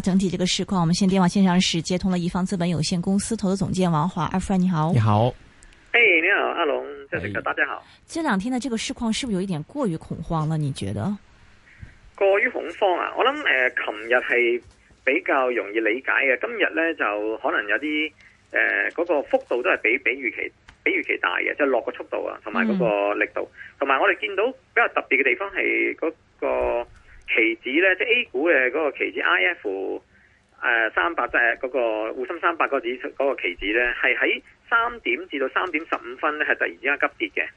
整體這個市況，我們現電話線上是接通了怡方資本有限公司投資總監王華，阿 Fred 你好，你好，誒你好阿龍，大家好。這兩天的這個市況，是不是有一點過於恐慌了？你覺得？過於恐慌啊！我諗誒，琴、呃、日係比較容易理解嘅，今日呢，就可能有啲誒嗰個幅度都係比比預期比預期大嘅，即係落個速度啊，同埋嗰個力度，同埋、嗯、我哋見到比較特別嘅地方係嗰、嗰個。期指咧，即係 A 股嘅嗰個期指，I F，誒三百即係嗰個滬深三百個指嗰個期指咧，係喺三點至到三點十五分咧，係突然之間急跌嘅。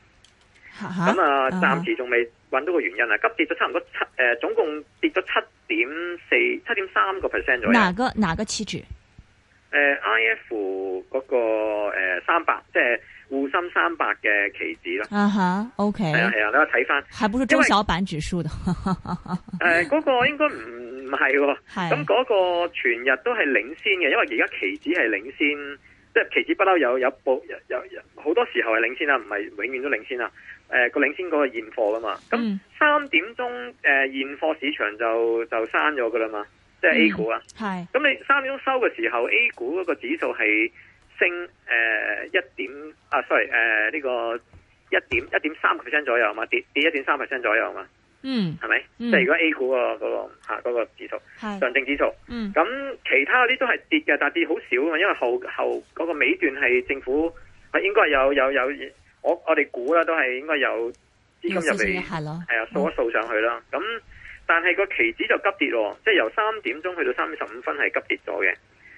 咁啊，哈啊，暫、啊、時仲未揾到個原因啊，急跌咗差唔多七誒、呃，總共跌咗七點四七點三個 percent 左右。哪個哪、呃那個期指？誒，I F 嗰個誒三百即係。滬深三百嘅期指咯，啊哈、uh huh，OK，係啊係啊，你話睇翻，看看還不是中小板指數的？誒，嗰個應該唔唔係喎，咁嗰 個全日都係領先嘅，因為而家期指係領先，即係期指不嬲有有部有有好多時候係領先啦，唔係永遠都領先啦。誒、呃，個領先嗰個現貨噶嘛，咁三、嗯、點鐘誒、呃、現貨市場就就閂咗噶啦嘛，即係 A 股啊，係、嗯，咁你三點鐘收嘅時候 A 股嗰個指數係升誒一、呃、點啊，sorry 誒、呃、呢、這個一點一點三 percent 左右嘛，跌跌一點三 percent 左右嘛，嗯係咪？是吧嗯、即係如果 A 股個、嗰個、嗰個吓、啊嗰個指數，是上證指數，嗯，咁其他嗰啲都係跌嘅，但係跌好少啊，因為後後嗰個尾段係政府，係應該有有有,有，我我哋估啦，都係應該有資金入嚟，係咯、嗯，係啊，掃一掃、嗯、上去啦。咁但係個期指就急跌咯，即、就、係、是、由三點鐘去到三點十五分係急跌咗嘅。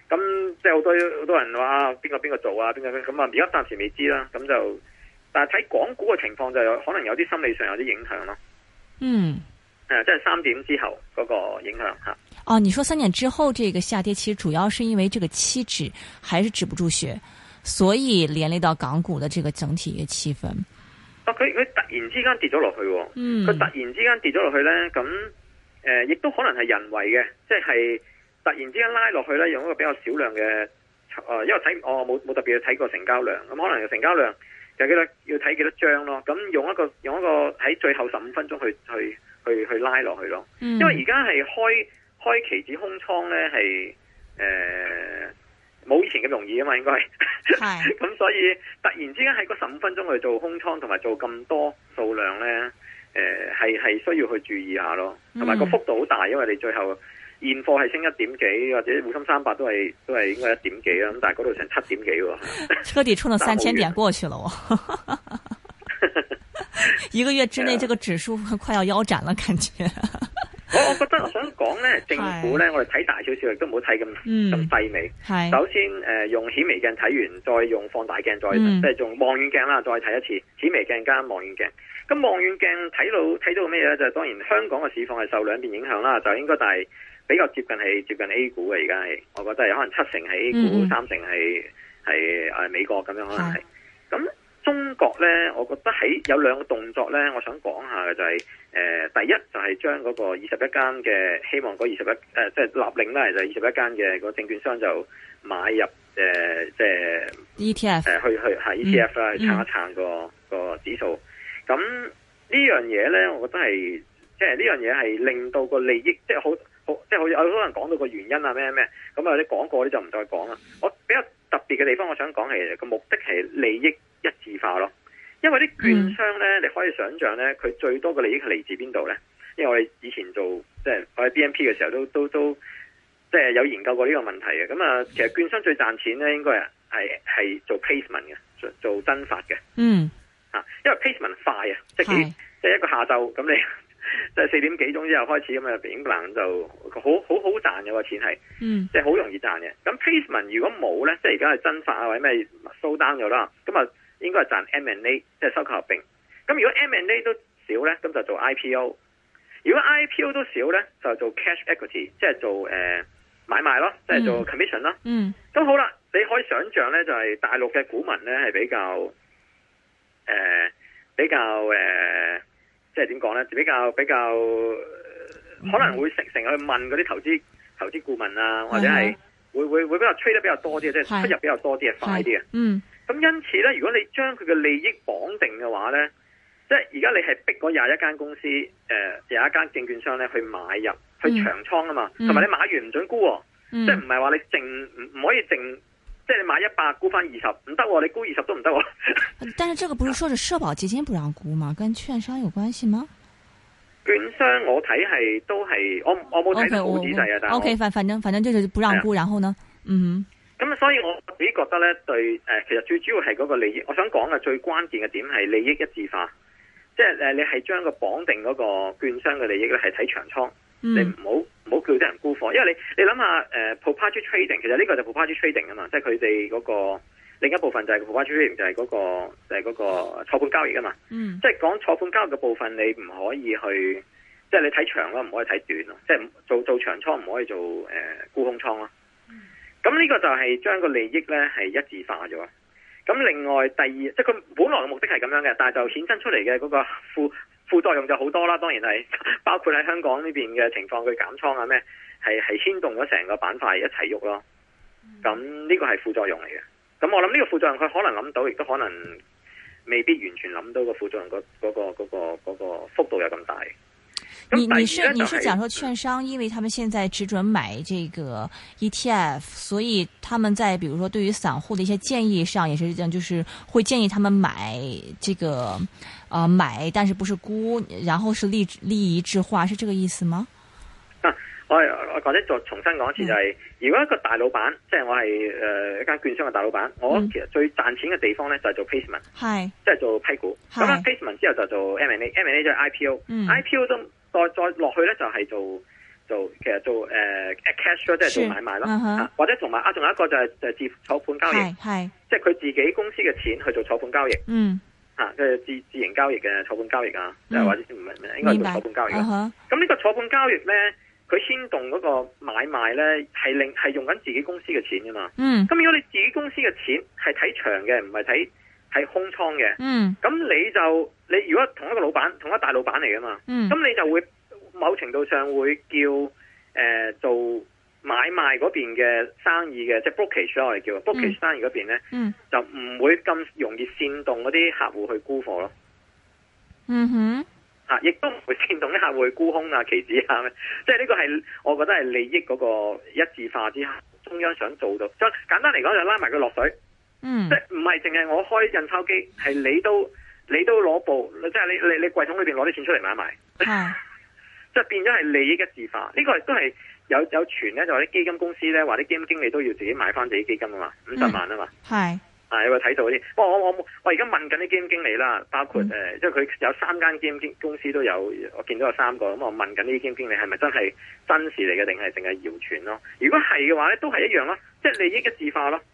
咁即係好多好多人話邊個邊個做啊，邊個邊個咁啊，而家暫時未知啦，咁就但係睇港股嘅情況就有可能有啲心理上有啲影響咯。嗯，誒，即係三點之後嗰個影響吓。哦、啊，你說三點之後，這個下跌其實主要是因為這個期指還是止不住血，所以連累到港股的這個整體嘅氣氛。啊，佢佢突然之間跌咗落去，嗯，佢突然之間跌咗落去咧，咁誒，亦、呃、都可能係人為嘅，即係。突然之間拉落去呢，用一個比較少量嘅，啊、呃，因為睇我冇冇特別睇過成交量，咁可能個成交量就幾多，要睇幾多張咯。咁用一個用一個喺最後十五分鐘去去去去拉落去咯。嗯、因為而家係開開期指空倉呢，係誒冇以前咁容易啊嘛，應該係。咁 是 所以突然之間喺個十五分鐘去做空倉同埋做咁多數量呢，誒係係需要去注意一下咯，同埋個幅度好大，因為你最後。現貨係升一點幾，或者滬深三百都係都係應該一點幾啦。咁但係嗰度成七點幾喎，車底衝到三千點過去了。 一個月之內，這個指數快要腰斬了，感覺的。 我我覺得我想講咧，政府咧，的我哋睇大少少亦都唔好睇咁咁細微。係的首先，誒、呃，用顯微鏡睇完，再用放大鏡，再、嗯、即係用望遠鏡啦，再睇一次顯微鏡加望遠鏡。咁望遠鏡睇到睇到咩咧？就當然香港嘅市況係受兩邊影響啦，就應該係。比較接近係接近 A 股嘅，而家係，我覺得係可能七成係 A 股，嗯嗯三成係係誒美國咁樣可能係。咁中國咧，我覺得喺有兩個動作咧，我想講下嘅就係、是、誒、呃，第一就係將嗰個二十一間嘅希望嗰二十一誒即係立令咧，就二十一間嘅個證券商就買入誒即係 E T F 去去喺 E T F 啦去撐一撐，那個嗯嗯個指數。咁呢樣嘢咧，我覺得係即係呢樣嘢係令到個利益即係好。就是很好，即係好似有好多人講到個原因啊什麼什麼，咩咩咁啊，啲講過，你就唔再講啦。我比較特別嘅地方，我想講嘅個目的係利益一致化咯。因為啲券商咧，mm. 你可以想象咧，佢最多嘅利益係嚟自邊度咧？因為我哋以前做即係我喺 BNP 嘅時候都，都都都即係有研究過呢個問題嘅。咁啊，其實券商最賺錢咧，應該係係做 placement 嘅，做做增發嘅。嗯，mm. 因為 placement 快啊，是即係即係一個下晝咁你。就係四點幾鐘之後開始咁啊，點辦就好好好賺嘅個錢係，嗯，即係好容易賺嘅。咁 placement 如果冇呢，即係而家係增發啊，或者咩收單咗啦，咁啊，應該係賺 M&A，即係收購合併。咁如果 M&A 都少呢，咁就做 IPO。如果 IPO 都少呢，就做 cash equity，即係做誒、呃、買賣咯，即、就、係、是、做 commission 咯。咁、嗯嗯、好啦，你可以想象呢，就係、是、大陸嘅股民呢，係比較，誒、呃，比較誒。呃即係點講咧？比較比較、呃，可能會成成日去問嗰啲投資投資顧問啊，或者係會會會比較 trade 得比較多啲，即係的出入比較多啲嘅的快啲嘅。嗯。咁因此咧，如果你將佢嘅利益綁定嘅話咧，即係而家你係逼嗰廿一間公司誒，廿一間證券商咧去買入去長倉啊嘛，同埋、嗯、你買完唔准沽、哦，嗯、即係唔係話你淨唔唔可以淨。即係你買一百沽翻二十唔得，你沽二十都唔得。 但是這個不是說是社保基金不讓沽嗎？跟券商有關係嗎？券商我睇係都係，我我冇睇好仔細啊。Okay, 但 O K 反反正、反正就是不讓沽是、啊、然後呢？嗯。咁所以我自己覺得呢對誒，其實最主要係嗰個利益。我想講嘅最關鍵嘅點係利益一致化，即、就、係、是、你係將個綁定嗰個券商嘅利益咧係睇長倉。Mm. 你唔好唔好叫啲人沽貨，因為你你諗下誒、呃、property trading，其實呢個就 property trading 啊嘛，即係佢哋嗰個另一部分就係 property trading，就係嗰個就係、是、嗰個錯判交易啊嘛。嗯，即係講錯判交易嘅部分，你唔可以去，即係你睇長咯，唔可以睇短咯，即係做做長倉唔可以做誒、呃、沽空倉咯。嗯，咁呢個就係將個利益咧係一致化咗。咁另外第二，即係佢本來嘅目的係咁樣嘅，但係就衍生出嚟嘅嗰個副作用就好多啦，當然係包括喺香港呢邊嘅情況，佢減倉啊咩，係係牽動咗成個板塊一齊喐咯。咁、嗯、呢個係副作用嚟嘅。咁我諗呢個副作用佢可能諗到，亦都可能未必完全諗到個副作用嘅、嗰個嗰、嗰個個、嗰個幅度有咁大。就是、你你是你是講說券商，因為他們現在只准買這個 ETF，所以他們在，比如說對於散戶的一些建議上，也是講就是會建議他們買這個。啊，買，但是不是沽，然後是利利益之化，是這個意思嗎？我我覺得再重新講一次就係，如果一個大老闆，即係我係誒一間券商嘅大老闆，我其實最賺錢嘅地方咧就係做 placement，係，即係做批股，咁 placement 之後就做 M&A，M&A 再 IPO，IPO 都再再落去咧就係做做其實做誒 cash 即係做買賣咯，或者同埋啊仲有一個就係就係做坐盤交易，係，即係佢自己公司嘅錢去做坐盤交易，嗯。吓，即係、啊、自自營交易嘅坐盤交易啊，又、嗯、或者唔係，應該叫坐盤交易咯。咁呢、啊、個坐盤交易咧，佢牽動嗰個買賣咧，係令係用緊自己公司嘅錢噶嘛。嗯，咁如果你自己公司嘅錢係睇長嘅，唔係睇係空倉嘅。嗯，咁你就你如果同一個老闆，同一個大老闆嚟噶嘛。嗯，咁你就會某程度上會叫誒、呃、做。買賣嗰邊嘅生意嘅，即係 broker share 嚟，叫 broker 生意嗰邊咧，就唔、是嗯、會咁容易煽動嗰啲客戶去沽貨咯。嗯哼，吓亦都唔會煽動啲客戶去沽空啊、期指啊，即係呢個係我覺得係利益嗰個一致化之下，中央想做到，即係簡單嚟講就拉埋佢落水。嗯，即係唔係淨係我開印鈔機，係你都你都攞部，即、就、係、是、你你你櫃桶裏邊攞啲錢出嚟買一買，即係是 變咗係利益一致化，呢、這個係都係。有有傳咧，就話啲基金公司咧，話啲基金經理都要自己買翻自己基金啊嘛，五十萬啊嘛，係、嗯啊、有個睇到啲，不、哦、過我我我而家問緊啲基金經理啦，包括誒，即係佢有三間基金公司都有，我見到有三個，咁、嗯、我問緊啲基金經理係咪真係真事嚟嘅，定係淨係謠傳咯？如果係嘅話咧，都係一樣啦，即、就、係、是、利益嘅字化咯。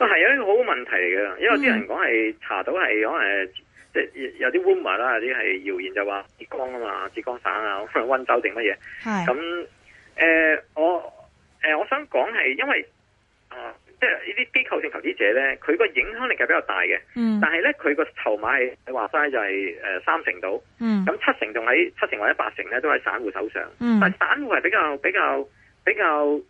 都係一個好問題嚟嘅，因為啲人講係查到係講誒，即係有啲 rumor 啦，有啲係謠言就話浙江啊嘛，浙江省啊，溫州定乜嘢。咁誒是、嗯呃，我誒、呃，我想講係因為啊，即係呢啲機構性投資者咧，佢個影響力係比較大嘅。嗯、但係咧，佢個籌碼係你話齋就係、是、誒、呃、三成度。咁、嗯嗯、七成仲喺七成或者八成咧，都喺散戶手上。嗯、但係散戶係比較比較比較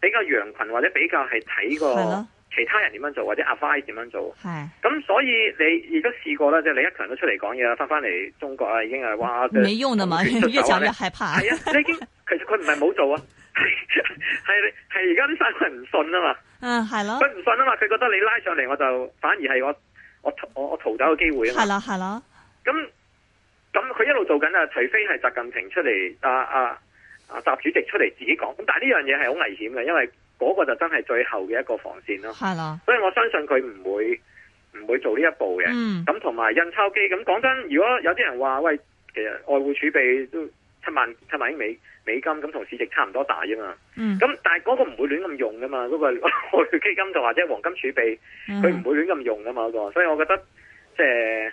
比較羊群或者比較係睇個。其他人點樣做或者阿 Fai 點樣做，係咁是所以你而家試過啦，即係李克強都出嚟講嘢，翻翻嚟中國啊，已經係哇，冇用啊嘛，的越講越害怕。係 啊，你已經其實佢唔係冇做啊，係係而家啲散戶唔信啊嘛，嗯係咯，佢唔信啊嘛，佢覺得你拉上嚟我就反而係我我我我逃走嘅機會啊嘛，係啦係啦，咁咁佢一路做緊啊，除非係習近平出嚟啊啊啊習主席出嚟自己講，咁但係呢樣嘢係好危險嘅，因為。嗰個就真係最後嘅一個防線咯，係咯的，所以我相信佢唔會唔會做呢一步嘅。嗯，咁同埋印鈔機，咁講真，如果有啲人話喂，其實外匯儲備都七萬七萬英美美金，咁同市值差唔多大啊嘛。嗯，咁但係嗰個唔會亂咁用噶嘛，嗰、那個外匯基金就或者黃金儲備，佢唔、嗯、哼會亂咁用噶嘛嗰、那個，所以我覺得即係誒，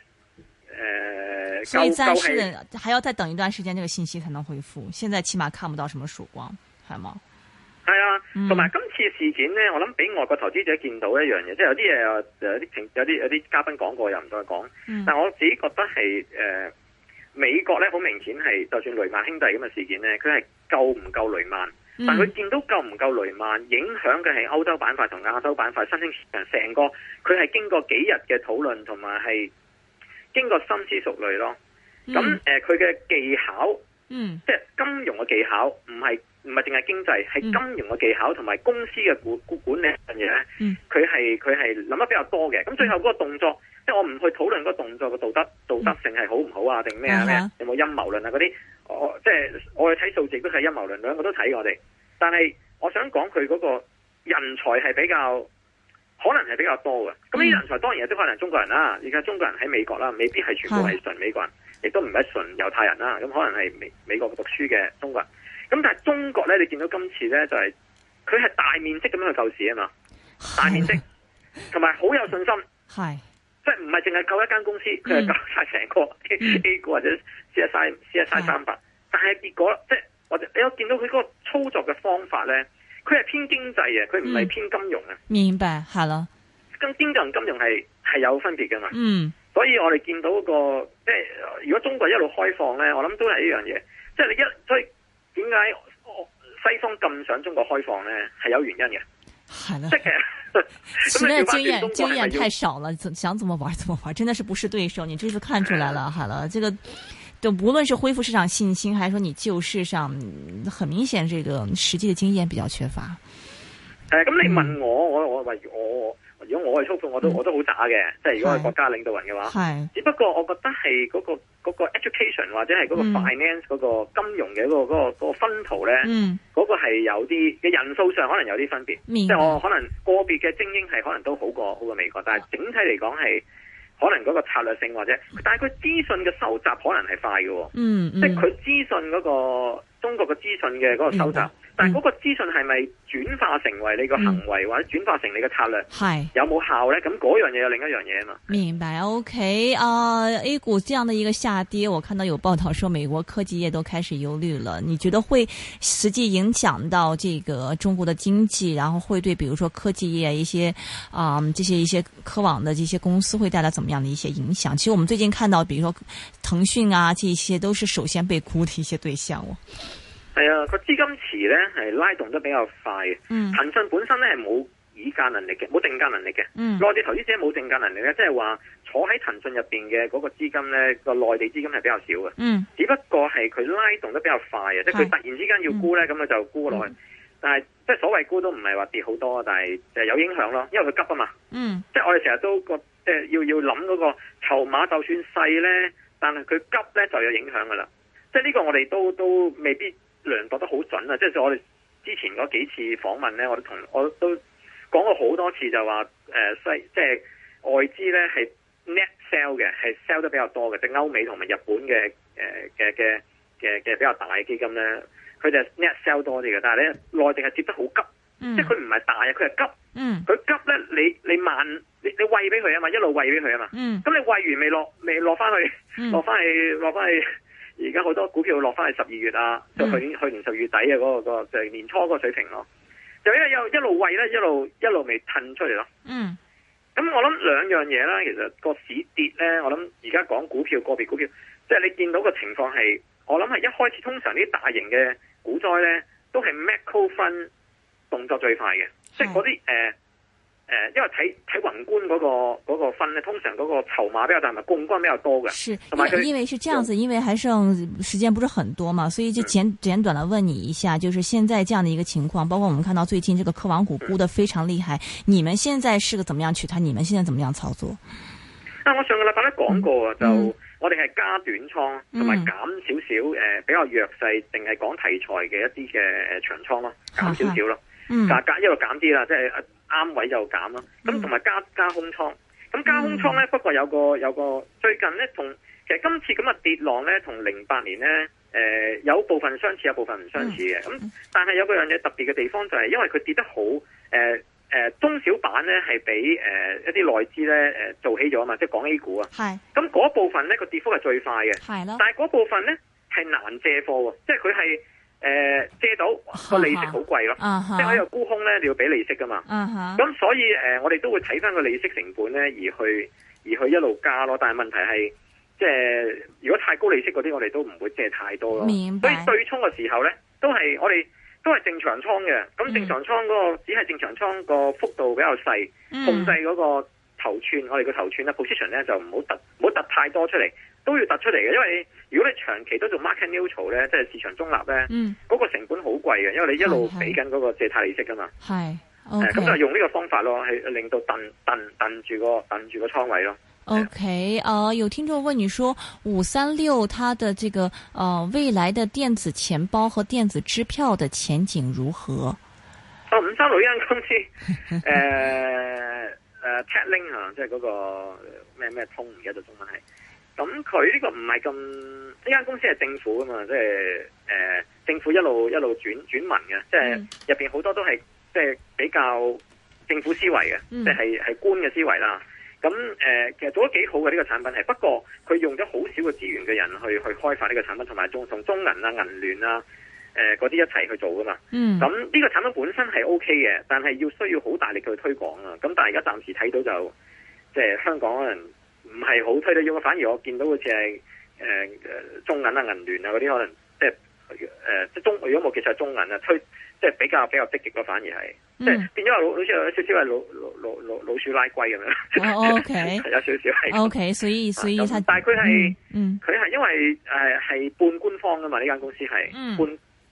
呃、所以暫時還要再等一段時間，呢、這個信息才能恢復。現在起碼看不到什麼曙光，係嘛？係啊，同埋今次事件咧，我諗俾外國投資者見到一樣嘢，即係有啲嘢，有啲情，有啲有啲嘉賓講過又唔再講。嗯、但係我自己覺得係誒、呃，美國咧好明顯係，就算雷曼兄弟咁嘅事件咧，佢係夠唔夠雷曼？但佢見到夠唔夠雷曼，影響嘅係歐洲板塊同亞洲板塊新興市場成個，佢係經過幾日嘅討論同埋係經過深思熟慮咯。咁誒，佢、呃、嘅技巧，嗯，即係。技巧唔係唔係淨係經濟，係金融嘅技巧同埋公司嘅管管理一樣嘢，佢係佢係諗得比較多嘅。咁最後嗰個動作，即係我唔去討論嗰個動作嘅道德道德性係好唔好啊，定咩、嗯嗯、啊？咩，有冇陰謀論啊？嗰啲我即係我去睇數字都係陰謀論，兩個都睇我哋。但係我想講佢嗰個人才係比較可能係比較多嘅。咁呢啲人才當然有啲可能係中國人啦，而家中國人喺美國啦，未必係全部係純美國人。嗯嗯亦都唔係純猶太人啦，咁可能係美美國讀書嘅中國人。咁但係中國咧，你見到今次咧就係佢係大面積咁樣去救市啊嘛，的大面積，同埋好有信心，係即係唔係淨係救一間公司，佢係的救晒成個 A 股、嗯嗯、或者市一晒晒三百。試試 300, 的但係結果即係我你有見到佢嗰個操作嘅方法咧，佢係偏經濟嘅，佢唔係偏金融啊、嗯。明白係咯，咁經濟同金融係係有分別㗎嘛？嗯。所以我哋見到個即係如果中國一路開放咧，我諗都係一樣嘢。即係你一所以點解西方咁想中國開放咧？係有原因嘅。係啦，實在經驗經驗太少了，想怎麼玩怎麼玩，真的是不是對手？你這次看出來了，好了，這個就無論是恢復市場信心，還是說你救市上，很明顯這個實際嘅經驗比較缺乏。誒，咁你問我，嗯、我我話如我，我，我，如果我係操控，我都、嗯、我都好渣嘅。即係如果係國家領導人嘅話，是只不過我覺得係嗰、個嗰、個 education 或者係嗰個 finance 嗰、嗯、個金融嘅嗰、個嗰、個個分圖咧，嗰、嗯、個係有啲嘅人數上可能有啲分別。即係白我可能個別嘅精英係可能都好過好過美國，但係整體嚟講係可能嗰個策略性或者，但係佢資訊嘅收集可能係快嘅、嗯。嗯，即係佢資訊嗰、個中國嘅資訊嘅嗰個收集。嗯嗯。但嗰個資訊係咪轉化成為你個行為或者轉化成你個策略？係、嗯嗯、有冇效呢？咁嗰樣嘢有另一樣嘢啊嘛。明白，OK，啊、uh,，A 股這樣的一個下跌，我看到有報道說美國科技業都開始憂慮了。你覺得會實際影響到這個中國的經濟，然後會對，比如說科技業一些啊、嗯、這些一些科網的這些公司會帶來怎麼樣的一些影響？其實我們最近看到，比如說騰訊啊，這些都是首先被沽的一些對象哦。係啊，個資金池咧係拉動得比較快嘅。騰訊、嗯、本身咧係冇議價能力嘅，冇定價能力嘅。內、嗯、地投資者冇定價能力咧，即係話坐喺騰訊入邊嘅嗰個資金咧個內地資金係比較少嘅。嗯、只不過係佢拉動得比較快啊，嗯、即係佢突然之間要沽咧，咁啊、嗯、就沽落去。嗯、但係即係所謂沽都唔係話跌好多，但係就係有影響咯，因為佢急啊嘛。嗯，即係我哋成日都覺，即係要要諗嗰、那個籌碼，籌碼就算細咧，但係佢急咧就有影響噶啦。即係呢個我哋都都未必。量度得好準啊！即係我哋之前嗰幾次訪問咧，我都同我都講過好多次就，就話誒西即係外資咧係 net sell 嘅，係 sell 得比較多嘅，即係歐美同埋日本嘅誒嘅嘅嘅嘅比較大嘅基金咧，佢就 net sell 多啲嘅。但係咧內地係跌得好急，嗯、即係佢唔係大啊，佢係急，佢、嗯、急咧，你你慢你你餵俾佢啊嘛，一路餵俾佢啊嘛，咁、嗯、你餵完未落未落翻去落翻去落翻去。而家好多股票落翻去十二月啊，就係去去年十二月底嘅嗰、那個、嗯、那個就是、年初嗰個水平咯。就因為又一路餵咧，一路一路未褪出嚟咯。嗯，咁我諗兩樣嘢啦，其實個市跌咧，我諗而家講股票個別股票，即係、就是、你見到個情況係，我諗係一開始通常啲大型嘅股災咧，都係 Macro Fund 動作最快嘅，嗯、即係嗰啲誒。呃誒，因為睇睇宏觀嗰、那個嗰、那個分呢通常嗰個籌碼比較大，槓桿比較多嘅。是，因為，因為是這樣子，用因為還剩時間不是很多嘛，所以就簡、嗯、簡短咁問你一下，就是現在這樣的一個情況，包括我們看到最近這個科網股估得非常厲害，嗯、你們現在是個怎麼樣取啊，你們現在怎麼樣操作？啊，我上個禮拜咧講過，嗯、就我哋係加短倉，同埋、嗯、減少少誒、呃，比較弱勢定係講題材嘅一啲嘅、呃、長倉咯，減少少咯，價格一路減啲啦，即係。啱位就減啦，咁同埋加加空倉，咁加空倉咧，不過有個有個最近咧，同其實今次咁嘅跌浪咧，同零八年咧，誒、呃、有部分相似，有部分唔相似嘅，咁、嗯、但係有個樣嘢特別嘅地方就係，因為佢跌得好，誒、呃、誒、呃、中小板咧係畀誒、呃、一啲內資咧誒做起咗啊嘛，即係講 A 股啊，係，咁嗰部分咧個跌幅係最快嘅，係咯，但係嗰部分咧係難借貨喎，即係佢係。誒、呃，借到個利息好貴咯，即係喺有沽空咧，你要俾利息噶嘛。咁、uh huh. 所以誒、呃，我哋都會睇翻個利息成本咧，而去而去一路加咯。但係問題係，即係如果太高利息嗰啲，我哋都唔會借太多咯。明白。所以對沖嘅時候咧，都係我哋都係正常倉嘅。咁正常倉嗰、那個、嗯、只係正常倉個幅度比較細，控制嗰個頭寸，嗯、我哋個頭寸啊，position 咧就唔好突，唔好突太多出嚟。都要突出嚟嘅，因為如果你長期都做 market neutral 咧，即係市場中立咧，嗰、嗯、個成本好貴嘅，因為你一路俾緊嗰個借貸利息噶嘛。係，咁就用呢個方法咯，係令到掟掟住個掟住個倉位咯。OK，啊、呃，有聽眾問你說五三六，它的這個、呃，未來的電子錢包和電子支票的前景如何？啊、哦，五三六呢間公司，誒誒 t e l l i n 啊，即係嗰、那個咩咩通，而家就中文係。佢呢個唔係咁，呢間公司係政府㗎嘛，即、就、係、是呃、政府一路一路轉轉民嘅，即係入面好多都係即係比較政府思維嘅，即係係官嘅思維啦。咁、呃、其實做得幾好嘅呢個產品係，不過佢用咗好少嘅資源嘅人去去開發呢個產品，同埋同同中銀啊、銀聯啊、嗰、呃、啲一齊去做㗎嘛。咁呢、嗯、個產品本身係 OK 嘅，但係要需要好大力去推廣啊。咁但係而家暫時睇到就即係、就是、香港人、啊。唔係好推得用，反而我見到好似係中銀啊、銀聯啊嗰啲，可能即係即中如果冇其實，中銀啊推即係比較比較積極嘅，反而係、嗯、即係變咗老老有，有少少係老老老老鼠拉龜咁樣。哦、o、okay, K， 有少少係。O、okay, K，所以所以、啊、但係佢係佢係因為誒係、啊、半官方㗎嘛？呢間公司係、嗯、半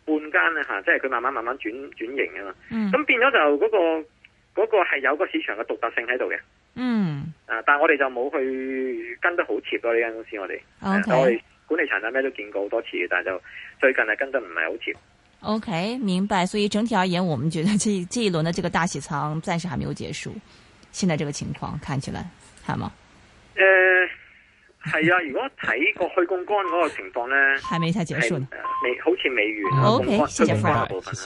半間啊吓，即係佢慢慢慢慢轉，轉型啊嘛。咁、嗯、變咗就嗰、嗰個嗰係、嗰個嗰個、有個市場嘅獨特性喺度嘅。嗯。啊！但係我哋就冇去跟得好貼咯，呢間公司 Okay.、呃、我哋，我哋管理層啊咩都見過好多次，但係就最近係跟得唔係好貼。OK，明白。所以整體而言，我們覺得這這一輪的這個大洗倉暫時還沒有結束。現在這個情況看起來，係嘛？誒、呃，係啊！如果睇過去槓桿嗰個情況咧， 是還沒太結束呢未、呃、好似未完。嗯、OK，謝謝 Fred。